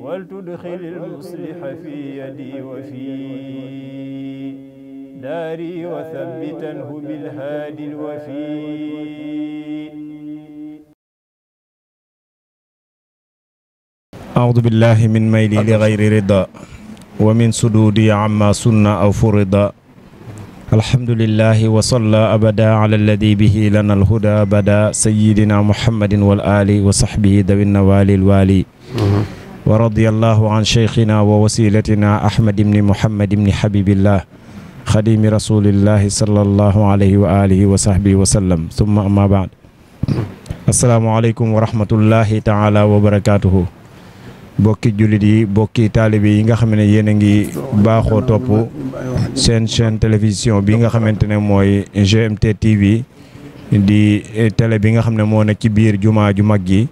ولتدخل المصلح في يدي وفي داري وثبتنه بالهادي الوفي أعوذ بالله من ميلي لغير رضا ومن سدودي عما سن أو فرض الحمد لله وصلى أبدا على الذي به لنا الهدى بدا سيدنا محمد والآل وصحبه ذوي النوال الوالي wa radiyallahu an cheikhina wa wasilatina ahmad ibni muhammad ibni habibillah xadimi rasulillahi sallallahu wa alihi wa sahbihi wa sallam baad asalaamualeykum wa rahmatullahi taala wa bokki jullit yi bokki taalibe yi nga xam ne yéen a ngi baaxoo topp seen chaîne télévision bi nga xamante ne mooy GMT TV di télé bi nga xam ne moo nekk ci biir jumaa ju mag yi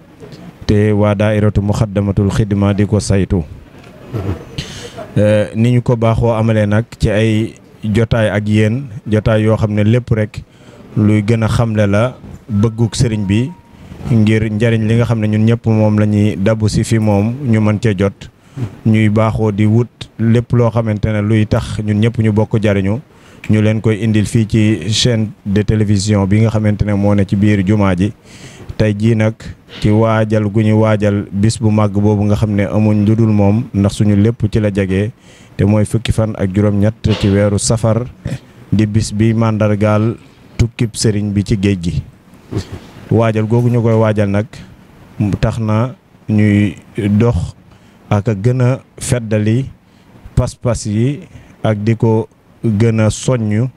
te waa daairatu muxaddamatul xidma di ko saytu mhm. eh, ni ñu ko baaxoo amalee nag ci ay jotaay ak yéen jotaay yoo xam ne lépp rek luy gën a xamle la bëgguk sëriñ bi ngir njariñ li nga xam ne ñun ñëpp moom la ñuy dabu si fi moom ñu mën cee jot ñuy baaxoo di wut lépp loo xamante ne luy tax ñun ñëpp ñu bokk jariñu ñu leen koy indil fii ci chaîne de télévision bi nga xamante ne moo ne ci biir jumaa ji tey jii nag ci waajal gu ñu waajal bis bu màgg boobu nga xam ne amuñ lu dul moom ndax suñu lépp ci la jege te mooy fukki fan ak juróom-ñett ci weeru safar di bis bi màndargaal tukkib sëriñ bi ci géej gi. waajal googu ñu koy waajal nag tax na ñuy dox ak a gën a feddali pas-pas yi ak di ko gën a soññ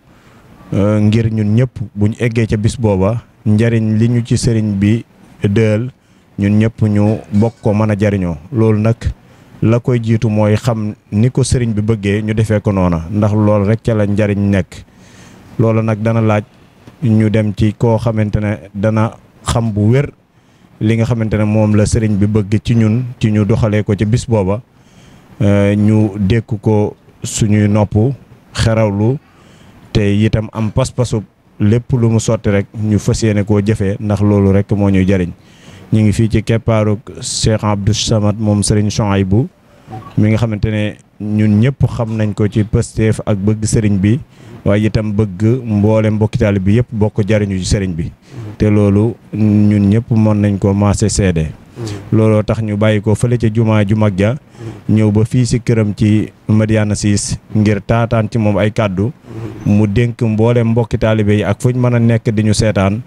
euh, ngir ñun ñëpp buñ eggee ca bis booba. njariñ li ñu ci sëriñ bi dëël ñun ñëpp ñu bokk ko mën a jariñoo loolu nag la koy jiitu mooy xam ni ko sëriñ bi bëggee ñu defee ko noona ndax loolu rek ca la njariñ nekk loolu nag dana laaj ñu dem ci koo xamante ne dana xam bu wér li nga xamante ne moom la sëriñ bi bëgg ci ñun ci ñu doxalee ko ci bis booba euh, ñu dékk ko suñuy nopp xerawlu te itam am pas-pasu lépp lu mu sotti rek ñu fas ne ko jëfee ndax loolu rek moo ñuy jariñ ñu ngi fii ci keppaaru Cheikh Abdou Samad moom Serigne bu mi nga xamante ne ñun ñëpp xam nañ ko ci Pastef ak bëgg sëriñ bi waaye itam bëgg mboole mbokkitaali bi yëpp bokk jariñu ci sëriñ bi te loolu ñun ñëpp mën nañ ko maase seede looloo tax ñu bàyyi ko fële ca jumaa ju mag ja ñëw ba fii si këram ci Madiana siis ngir taataan ci moom ay kàddu mu dénk mboolem mbokki taalibe yi ak fuñ mën a nekk di ñu seetaan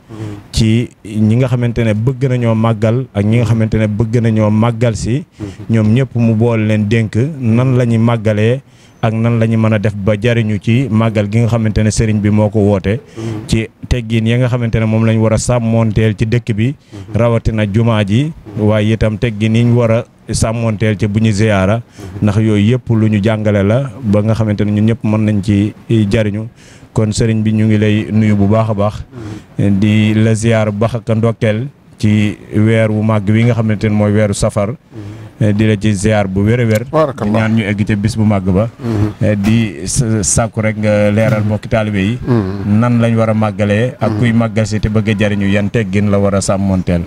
ci ñi nga xamante ne bëgg nañoo màggal ak ñi nga xamante ne bëgg nañoo màggal si mm-hmm. ñoom ñëpp mu boole leen dénk nan la ñuy màggalee ak nan la ñu mën a def ba jariñu ci màggal gi nga xamante ne sëriñ bi moo ko woote. ci teggiin yi nga xamante ne moom la ñu war a sàmmoonteel ci dëkk bi. rawatina jumaa ji. waaye itam teggiin yi ñu war a sàmmoonteel ci bu ñu ziyaara. ndax yooyu yëpp lu ñu jàngale la ba nga xamante ne ñun ñëpp mën nañ ci jariñu kon sëriñ bi ñu ngi lay nuyu bu baax a baax. di la ziyaar bu baax ndokkeel ci weer wu màgg wi nga xamante ne mooy weeru safar. Eh, di la ci ziar bu wér a wér ñaan ñu egg ca bis bu màgg ba mm-hmm. eh, di sàkku rek leeral mm-hmm. mbokki taalibe yi mm-hmm. nan lañ war a màggalee ak kuy màggal si te bëgg a jariñu yan teggin la war a sàmmonteel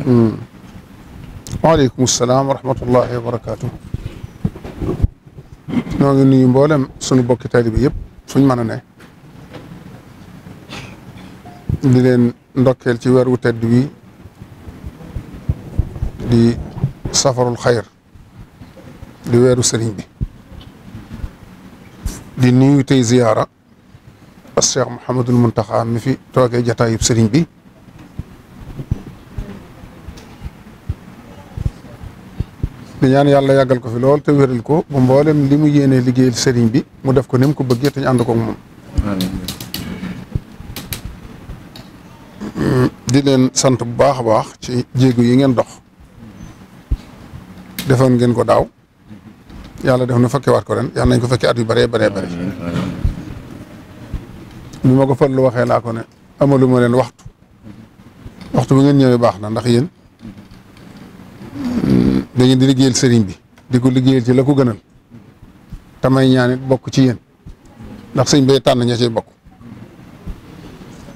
waaleykum salaam wa ñoo ngi nuyu suñu bokki taalibe yëpp suñ mën a ne di leen ndokkeel ci weer wu tedd wi di safarul xayr di weeru sëriñ bi di nuyu tey ziyaara ak Cheikh Mouhamadul Mountakha mi fi toogee jataayub sëriñ bi di ñaan yàlla yàggal ko fi lool te wéral ko ba mboolem li mu yéenee liggéeyal sëriñ bi mu def ko ni ko bëggee te ñu ànd ko di leen sant bu baax a baax ci jéego yi ngeen dox defoon ngeen ko daaw. yàlla def na fekke waat ko ren yàlla nañ ko fekke at yu bëree bëree bëri bi ma ko farlu waxee laa ko ne amalu ma leen waxtu waxtu bi ngeen ñëwee baax na ndax yéen mm, da di liggéeyal sëriñ bi di ko liggéeyal ci la ko gënal tamay ñaan bokk ci yéen ndax sëñ bay tànn ña ciy bokk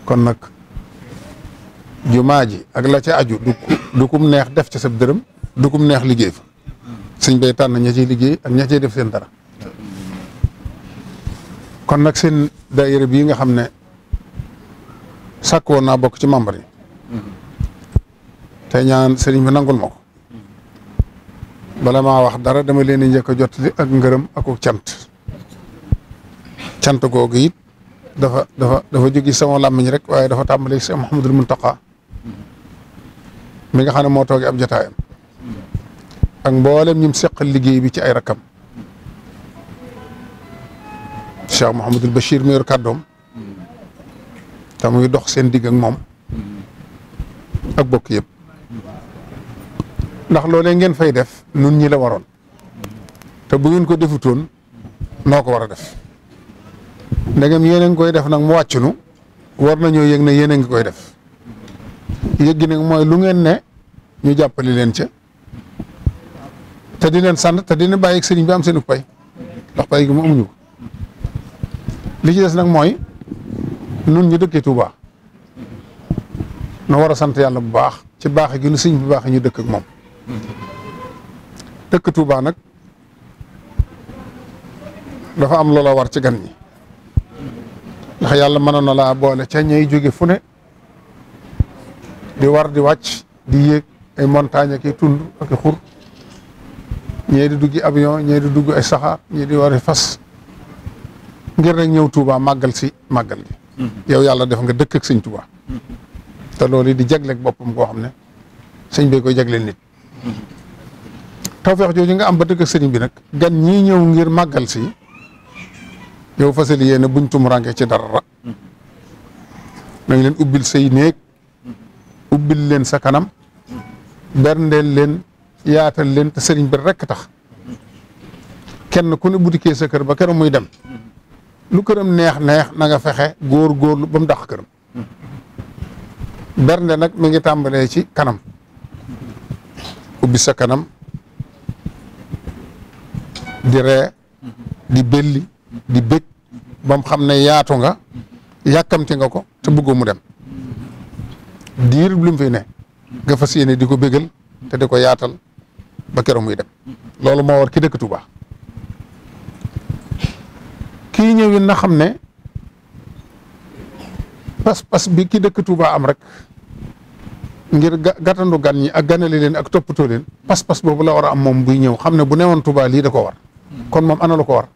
kon nag jumaa ji ak la ca aju du dukum neex def ca sab dërëm dukum neex liggéey fa sëñ bay tànn ña ciy liggéey ak ña ciy def seen dara kon nag seen daayira yi nga xam ne sàkk woon naa bokk ci membre yi tey ñaan sëriñ ba nangul ma ko bala maa wax dara dama leen di njëkk a jot li ak ngërëm ak cant cant googu it dafa dafa dafa jógi sama làmmiñ rek waaye dafa tàmbali si Mouhamadul Mountakha mi nga xam ne moo toogee ab jotaayam ak mboolem ñim seqal liggéey bi ci ay rakam Cheikh Mouhamadul Bachir mi yor kàddoom te muy dox seen digg moom ak bokk yëpp ndax loolee ngeen fay def nun ñi la waroon te bu ngeen ko defutoon noo ko war a def ndegem yéen a ngi koy def nag mu wàccunu war nañoo yëg ne yéen a ngi koy def yëg gi mooy lu ngeen ne ñu jàppale leen ca. te di leen sant te di leen bàyyi ak sëriñ bi am seen pay ndax pay gi mu ñu ko li ci des nag mooy nun ñu dëkkee Touba nu war a sant yàlla bu baax ci baax gi nu sëriñ bu baax ñu dëkk ak moom dëkk Touba nag dafa am loola war ci gan ñi ndax yàlla mën mënoon na laa boole ca ñay jóge fu ne di war di wàcc di yéeg ay montagne ak i tund ak i xur ñee di dugg avion ñee di dugg ay saxaar ñee di war fas ngir rek ñëw tuuba màggal si màggal gi. Mm-hmm. yow yàlla def nga dëkk ak sëñ Touba. Mm-hmm. te loolu di jagleeg boppam koo xam ne sëñ bee koy jagleel nit. Mm-hmm. tawfeex jooju nga am ba dëkk ak bi nag gan ñii ñëw ngir màggal si yow fasali yéene buñ tumuraanke ci dara. na ngi leen ubbil say néeg ubbil leen sa kanam berndeel leen. yaatal leen te sëriñ bi rekk tax kenn ku ne butikee sa kër ba këram muy dem lu këram neex neex nanga nga fexe góor góorlu ba mu dax këram bernde nag mi ngi tàmbalee ci kanam ubbi sa kanam di ree di belli di bëgg ba mu xam ne yaatu nga yàkkamti nga ko te bëggoo mu dem diir lu mu fi ne nga fas yéene di ko bégal te di ko yaatal ba keroog muy dem loolu moo war ki dëkk Touba kii ñëw na xam ne pas-pas bi ki dëkk Touba am rek ngir gàttandu gan ñi ak ganale leen ak toppatoo leen pas-pas boobu la war a am moom buy ñëw xam ne bu newoon Touba lii da ko war kon moom ana ko war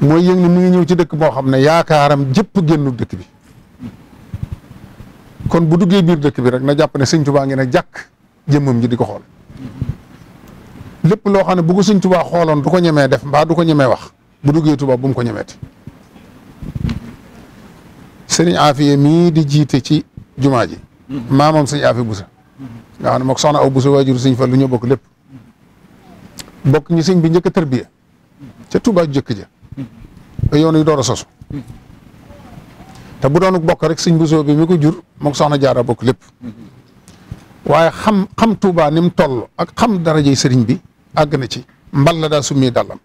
mooy yëg ni mu ñëw ci dëkk boo xam ne yaakaaram jëpp génnu dëkk bi kon bu duggee biir dëkk bi rek na jàpp ne siñ Touba ngi ne jàkk jëmmam ji di ko xool lépp loo xam ne bu ko Sëñ xooloon du ko ñemee def mbaa du ko ñemee wax bu duggee Tuubaa bu mu ko ñemeeti sëriñ Afiya mii di jiite ci jumaa ji maamam sëñ Afiya Busa nga xam ne mook soxna aw Busa waajur sëñ Fallu ñoo bokk lépp bokk ñi sëñ bi njëkk a tërbiya ca Tuubaa jëkk ja yoon yu door a sosu te bu doonu bokk rek sëñ Busa bi mi ko jur mook soxna jaara bokk lépp waaye xam xam Touba ni mu toll ak xam darajey sëriñ bi àgg na ci mbal la daa summi dàllam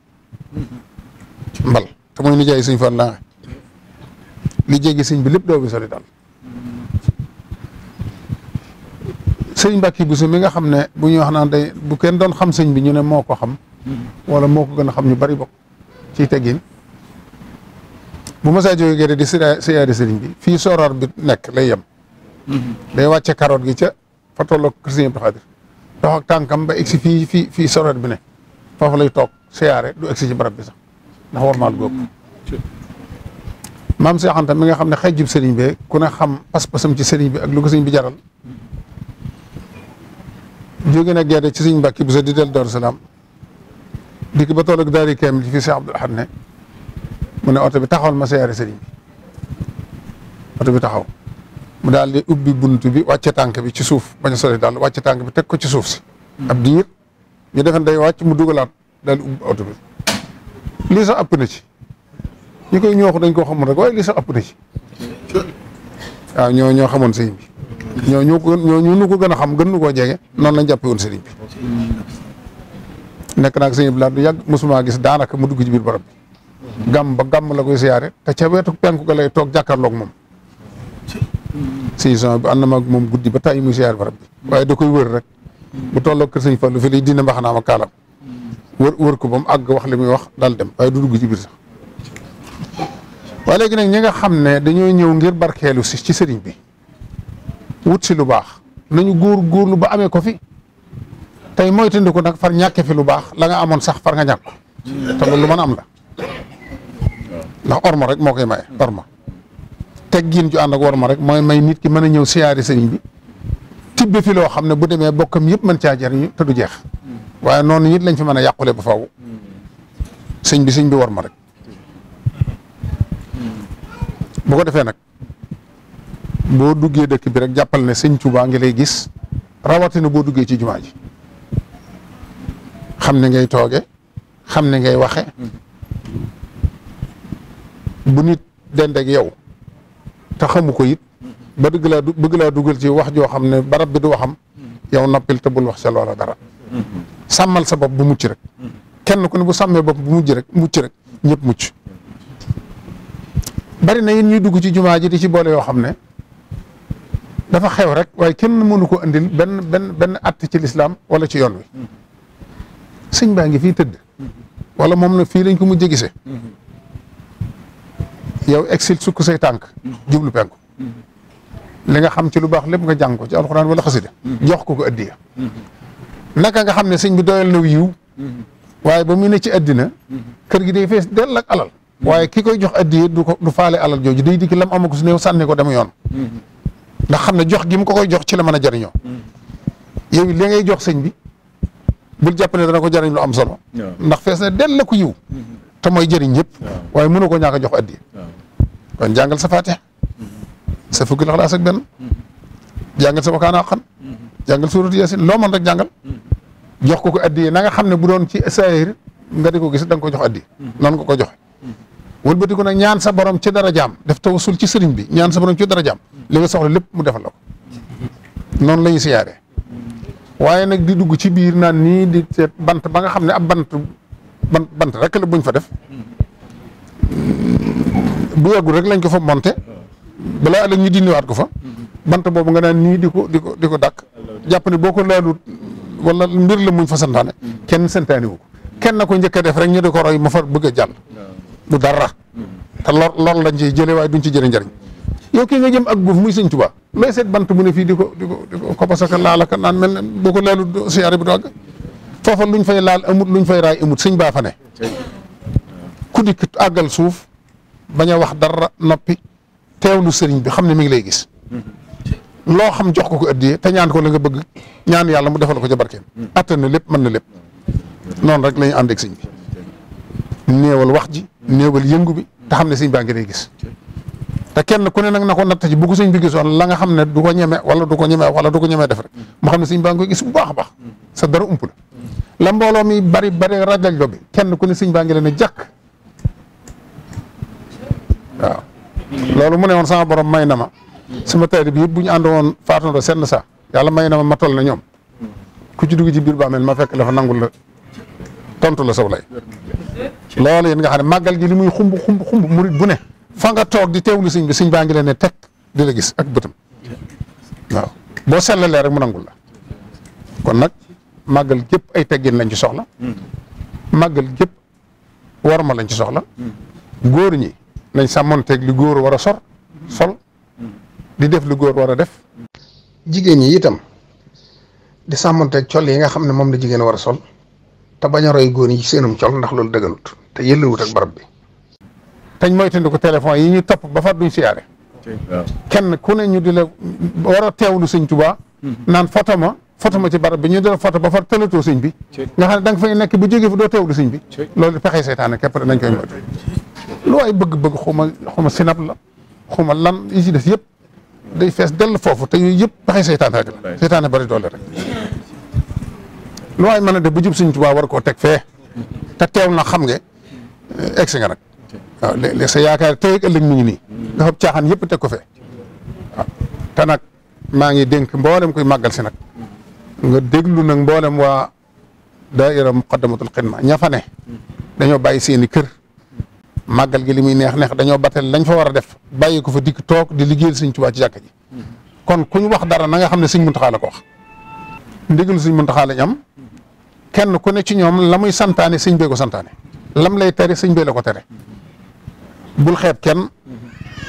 mbal te mooy nijaay sëñ fan naa li jéggi sëñ bi lépp doo bi sori dal sëñ Mbàkke bu mi nga xam ne bu ñuy wax naan day bu kenn doon xam sëñ bi ñu ne moo ko xam wala moo ko gën a xam ñu bari bokk ci teggin bu ma saa jógee gerte di siyaare sëriñ bi fii sooraar bi nekk lay yem mm-hmm. day wàcce karoot gi ca fa tolloog kër Abdou Khadir ak tànkam ba egsi fii fii fii soreet bi ne foofu lay toog siyaare du egsi ci barab bi sax ndax war ma góob maam Cheikh Anta mi nga xam ne xëy jub sëriñ bi ku ne xam pas-pasam ci sëriñ bi ak lu ko bi jaral jóge na gerte ci sëriñ Mbàkke bu sa di del Daaru Salaam dikk ba toll ak daari kaamil ci fii Cheikh Abdoul Ahad ne mu ne oto bi taxawal ma siyaare sëriñ bi oto bi taxaw daal di ubbi bunt bi wàcce tànk bi ci suuf bañ a daal wàcce tànk bi teg ko ci suuf si. ab diir ñu defoon day wàcc mu dugalaat daal di ubbi oto bi lii sax ëpp na ci ñi koy ñooxu dañ koo xam rek waaye lii sax ëpp na ci ñoo ñoo xamoon sëriñ bi. ñoo ñu ko ko gën a xam gën ñu koo jege noon lañ jàppee woon sëriñ bi. nekk nag sëriñ bi laat du yàgg mosuma gis daanaka mu dugg ci biir barab bi. gàmm ba la koy siyaare te ca wetu penku ga lay toog jàkkaarloog moom. sëñ Usmaan bi ànd na maag moom guddi ba tàyyi muy siyaar barab bi waaye da koy wër rek bu tolloo kër sëñ lu fi lii dina mbaxanaam a kaalam wër wër ko ba mu àgg wax li muy wax daal dem waaye du dugg ci biir sax waaye léegi nag ñi nga xam ne dañoo ñëw ngir barkeelu si ci sëriñ bi wut si lu baax nañu góor góorlu ba amee ko fi tey mooy ko nag far ñàkke lu baax la nga amoon sax far nga ñàkk te lu mën a am la ndax orma rek moo koy maye orma teggin ju ànd ak war ma rek mooy may nit ki mën a ñëw siyaari sëriñ bi tibbe fi loo xam ne bu demee bokkam yëpp mën caa jariñu te du jeex waaye noonu it lañ fi mën a yàqule ba faaw sëñ bi sëñ bi war ma rek bu ko defee nag boo duggee dëkk bi rek jàppal ne sëñ Tuubaa ngi lay gis rawatina boo duggee ci jumaa ji xam ne ngay tooge xam ne ngay waxe mm-hmm. bu nit dendeeg yow te xamu ko yit ba dëgg laa bëgg laa dugal ci wax joo xam ne barab bi du waxam yow noppil te bul wax sa loola dara sàmmal sa bopp bu mucc rek kenn ku ne bu sàmmee bopp bu mujj rek mucc rek ñëpp mucc bari na yéen ñuy dugg ci jumaa ji di ci boole yoo xam ne dafa xew rek waaye kenn mu mënu ko andil benn benn benn att ci lislaam wala ci yoon wi sëñ baa ngi fi tëdd wala moom na fii lañ ko mu gisee yow exil sukk say tànk jublu penku li nga xam ci lu baax lépp nga jàng ko ci alxuraan wala xasida jox ko ko addiya naka nga xam ne sëñ bi doyal na yiw waaye ba mu ne ci addina kër gi day fees dell ak alal waaye ki koy jox addiya du ko du faale alal jooju day dikki lam amagu su néew sànni ko dama yoon ndax xam ne jox gi mu ko koy jox ci la mën a jariñoo yow li ngay jox sëñ bi bul jàpp ne dana ko jariñ lu am solo ndax fees na dell la yiw te mooy jëriñ ñëpp. waaye mënu ko ñàkk jox addi kon jàngal sa Faatiha mm-hmm. sa fukki Ixlaas ak benn mm-hmm. jàngal sa Wakaana Haqqan mm-hmm. jàngal suuratu Yaasin loo mën rek jox ko ko addi na nga xam ne bu doon ci saahir nga di ko gis da ko jox addi noonu nga ko joxe wëlbatiku nag ñaan sa borom ci dara jaam def tawassul ci sëriñ bi ñaan sa borom ci dara jaam li nga soxla lépp mu defal la ko noonu si ñuy waaye nag di dugg ci biir naan ni di seet bant ba nga xam ne ab bant ban bant rek la buñ fa def bu yàggul rek lañ ko fa monté balaa ëllëg ñu dindiwaat ko fa bant boobu nga naan nii di ko di ko di ko dàkk jàpp ne boo ko laalut wala mbir la muñ fa santaane kenn santaane wu kenn na ko njëkk a def rek ñu di ko roy ma fa bëgg a jàll du dara te lor la lañ ciy jëlee waaye duñ ci jëlee njëriñ yow kii nga jëm ak guuf muy sëñ Tuubaa looy seet bant mu ne fii di ko di ko di ko ko basaka laalaka naan mel ne boo ko laalut siyaare bi du àgg foofa luñ fay laal amut luñ fay raay amut sëñ baa fa ne ku dikk àggal suuf bañ wax dara noppi teewlu sëriñ bi xam ne mi ngi lay gis loo xam jox ko ko addiyee te ñaan ko la nga bëgg ñaan yàlla mu defal ko ca barkeem attan na lépp mën na lépp noonu rek la ñu ànd bi néewal wax ji néewal yëngu bi te xam ne sëñ baa ngi lay gis te kenn ku ne nag na ko natt ci bi gisoon la nga xam ne du ko ñeme wala du ko ñeme wala du ko ñeme def rek mu xam ne sëñ baa ngi koy gis bu baax a baax sa la mbooloo mi bari bari rajal jo bi kenn ku ne sëñ baa leen a jàkk loolu mu woon sama boroom may na ma sama tayri bi yëpp bu ñu ànd woon faatandoo senn saa yàlla may na ma matal na ñoom ku ci dugg ci biir bàmmeel ma fekk dafa nangul la tontu la saw lay loolu yéen nga xam ne màggal gi li muy xumb xumb xumb murit bu ne fa nga toog di teewlu sëñ bi sëñ baa ngi leen ne teg di la gis ak bëtam waaw boo sellalee rek mu nangul la kon nag màggal gépp ay teggin lañ ci soxla màggal war warma lañ ci soxla góor ñi nañ teg lu góor war a sor sol di def lu góor war a def jigéen ñi itam di sàmmonteeg col yi nga xam ne moom la jigéen war a sol te bañ a góor ñi ci seenum col ndax loolu dëgganut te yëllawut ak barab bi tañ ko téléphone yi ñu topp ba far duñ siyaare kenn ku ne ñu di la war a teewlu sëñ Tuubaa naan foto ma foto ma ci barab bi ñu di la foto ba far tëlatoo sëñ bi nga xam ne da nga fay nekk bu jógee fa doo teewlu sëñ bi loolu pexe seytaane képp nañ koy moytu lu waay bëgg-bëgg xuma xuma sinap la xuma lan yi yëpp day fees dell foofu te yëpp pexe seytaan rek la seytaane bari doole rek lu waay mën a def bu jub sëñ Tuubaa war koo teg fee te teew na xam nga egsi nga nag waaw léeg-léeg sa yaakaar tey ak mu ngi nii dafa caaxaan yëpp teg ko fe waaw te nag maa ngi dénk mboolem koy màggal si nag nga déglu nag mboolem waa daaira muqaddamatul xidma ña fa ne dañoo bàyyi seeni kër màggal gi li muy neex neex dañoo batal lañ fa war a def bàyyi ko fa dikk toog di liggéeyal Sëñ Tuubaa ci jàkka ji kon kuñ wax dara na nga xam ne Sëñ Muntaxaa la ko wax ndigal Sëñ Muntaxaa lañ am kenn ku ne ci ñoom la muy santaane sëñ bee ko santaane lam lay tere sëñ bee la ko bul xeeb kenn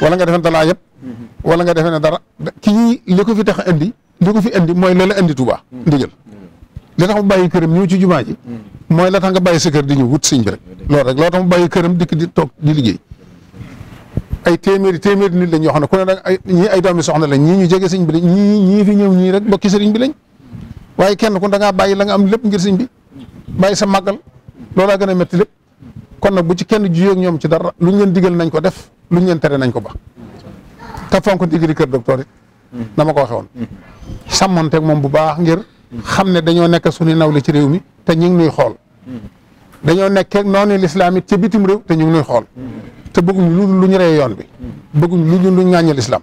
wala nga defe dalaa yëpp wala nga defe ne dara kii li ko fi tax a indi li ko fi indi mooy la indi Tuuba ndigal li tax mu bàyyi këram ñu ci jumaa ji mooy la tax nga bàyyi sa kër di ñëw wut sëñ bi rek loolu rek loo tax mu bàyyi këram dikk di toog di liggéey ay téeméeri téeméeri nit lañ yoo xam ne ku ne nag ay ñii ay doomi soxna la ñii ñu jege sëñ bi lañ ñii ñii fi ñëw ñii rek bokki sëriñ bi lañ waaye kenn ku da ngaa bàyyi la nga am lépp ngir sëñ bi bàyyi sa màggal loolaa gën a métti lépp kon nag bu ci kenn juyee ak ñoom ci dara luñ leen digal nañ ko def luñ leen tere nañ ko ba te fonk digli kër docteur it na ko waxee woon sàmmonteeg moom bu baax ngir xam ne dañoo nekk suñu nawle ci réew mi te ñu ngi nuy xool dañoo nekk noonu lislaam it ca bitim réew te ñu ngi nuy xool te bëgguñ lu ñu rey yoon bi bëgguñ lu ñu lu ñu ŋàññi lislaam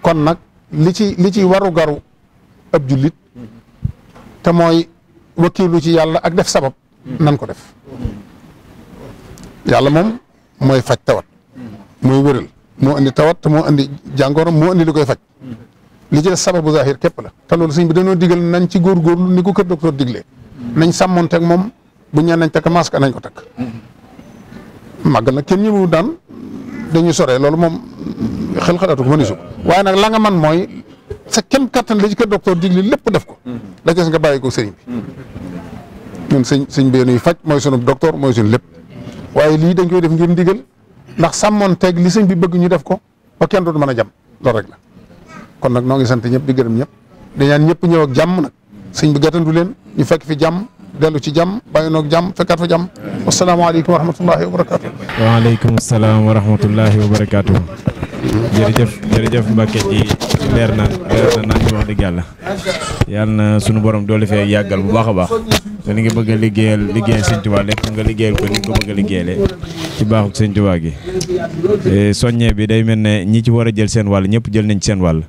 kon nag li ci li ci waru garu ab jullit te mooy wakkiilu ci yàlla ak def sabab nan ko def yàlla moom mooy faj tawat mooy wëral moo indi tawat moo indi jàngoro moo indi li koy faj li ci des sababu zahir képp la te loolu sëñ bi dañoo digal nañ ci góorgóorlu ni ko kër docteur diglee nañ sàmmonteeg moom bu ñaan nañ takk masque nañ ko takk màgg na kenn ñëwu daan dañuy soree loolu moom xel xalaatu ko mënu su waaye nag la nga man mooy sa kem kattan la ci kër docteur digli lépp def ko la ci des nga bàyyi ko sëriñ bi ñun sëñ sëñ bi nuy faj mooy lépp waaye lii dañ koy def ngir ndigal ndax sàmmoon teg li sëñ bi bëgg ñu def ko ba kenn dootu mën a jam loolu rek la kon nag noo ngi sant ñëpp di gërëm ñëpp dañaan ñëpp ñëw ak jàmm nag sëñ bi gàttandu leen ñu fekk fi jàmm dellu ci jàmm bàyyi noog jàmm fekkaat fa jàmm wasalaamaaleykum wa rahmatullahi wa barakaatu waaleykum salaam wa rahmatullahi wa barakaatu jërëjëf jërëjëf Mbacke ci leer na leer na naan wax dëgg yàlla yàlla sunu borom doole yàggal bu baax a baax ba li nga bëgg a liggéeyal liggéeyal sëñ lépp nga liggéeyal ko ni ko bëgg a ci baaxuk sëñ Tuubaa gi soññee bi day mel ne ñi ci war a jël seen wàll ñëpp jël nañ seen wàll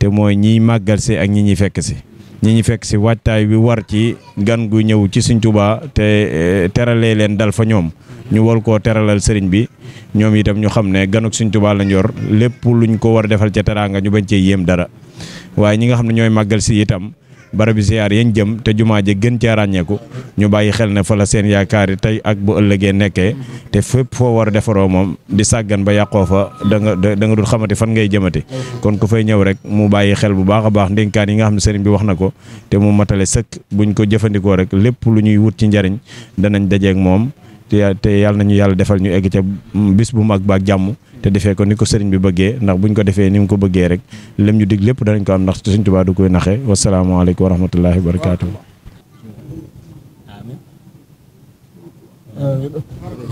te mooy ñiy màggal si ak ñi ñuy fekk si ñi ñuy fekk si waajtaay bi war ci gan gu ñëw ci sëñ te eh, teralee leen dal fa ñoom ñu war koo teralal sëriñ bi ñoom itam ñu xam ne ganuk sëñ la lañ yor lépp luñ ko war a defal ca teraanga ñu bañ cee yéem dara waaye ñi nga xam ne ñooy màggal si itam barabi ziar yañ jëm te jumaa ji gën cee ràññeeku ñu bàyyi xel ne fa la seen yaakaar yi tey ak bu ëllëgee nekkee te fépp foo war a defaroo moom di sàggan ba yàqoo fa da nga da nga dul xamati fan ngay jëmati kon ku fay ñëw rek mu bàyyi xel bu baax a baax ndénkaan yi nga xam ne sëriñ bi wax na ko te mu matale sëkk buñ ko jëfandikoo rek lépp lu ñuy wut ci njariñ danañ dajeek moom te yàlla ñu yàlla defal ñu egg ca mm, bis bu mag baak jàmm te defee ko ni ko sëriñ bi bëggee ndax buñ ko defee ni mu ko bëggee rek lem ñu dig lépp danañ ko am ndax Sëriñ Tuubaa du koy naxe wasalaamaaleykum wa rahmatullahi wa barakaatu.